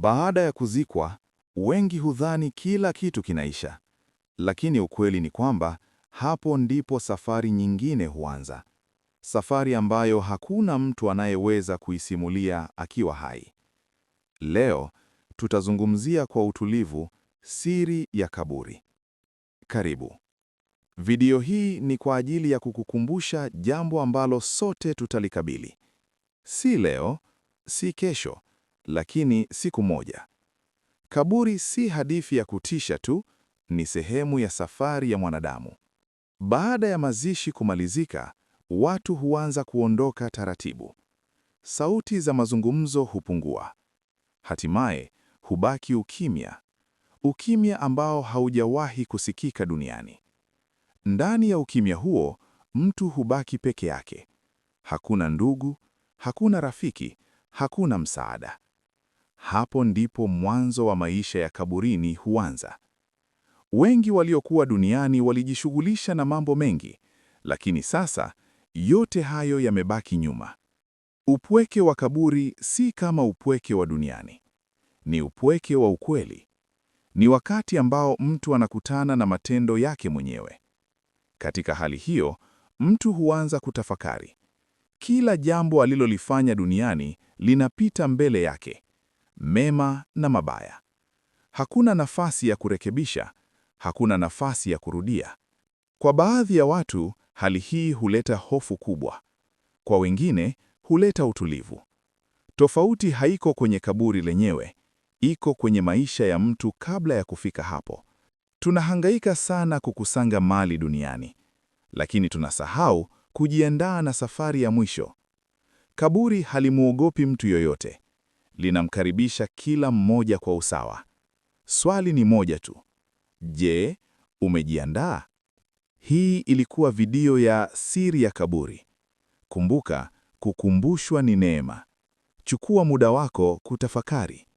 Baada ya kuzikwa, wengi hudhani kila kitu kinaisha, lakini ukweli ni kwamba hapo ndipo safari nyingine huanza, safari ambayo hakuna mtu anayeweza kuisimulia akiwa hai. Leo tutazungumzia kwa utulivu siri ya kaburi. Karibu. Video hii ni kwa ajili ya kukukumbusha jambo ambalo sote tutalikabili, si leo, si kesho, lakini siku moja. Kaburi si hadithi ya kutisha tu, ni sehemu ya safari ya mwanadamu. Baada ya mazishi kumalizika, watu huanza kuondoka taratibu. Sauti za mazungumzo hupungua. Hatimaye hubaki ukimya, ukimya ambao haujawahi kusikika duniani. Ndani ya ukimya huo, mtu hubaki peke yake. Hakuna ndugu, hakuna rafiki, hakuna msaada. Hapo ndipo mwanzo wa maisha ya kaburini huanza. Wengi waliokuwa duniani walijishughulisha na mambo mengi, lakini sasa yote hayo yamebaki nyuma. Upweke wa kaburi si kama upweke wa duniani. Ni upweke wa ukweli. Ni wakati ambao mtu anakutana na matendo yake mwenyewe. Katika hali hiyo, mtu huanza kutafakari. Kila jambo alilolifanya duniani linapita mbele yake mema na mabaya. Hakuna nafasi ya kurekebisha, hakuna nafasi ya kurudia. Kwa baadhi ya watu, hali hii huleta hofu kubwa. Kwa wengine, huleta utulivu. Tofauti haiko kwenye kaburi lenyewe, iko kwenye maisha ya mtu kabla ya kufika hapo. Tunahangaika sana kukusanga mali duniani, lakini tunasahau kujiandaa na safari ya mwisho. Kaburi halimwogopi mtu yoyote, linamkaribisha kila mmoja kwa usawa. Swali ni moja tu. Je, umejiandaa? Hii ilikuwa video ya Siri ya Kaburi. Kumbuka, kukumbushwa ni neema. Chukua muda wako kutafakari.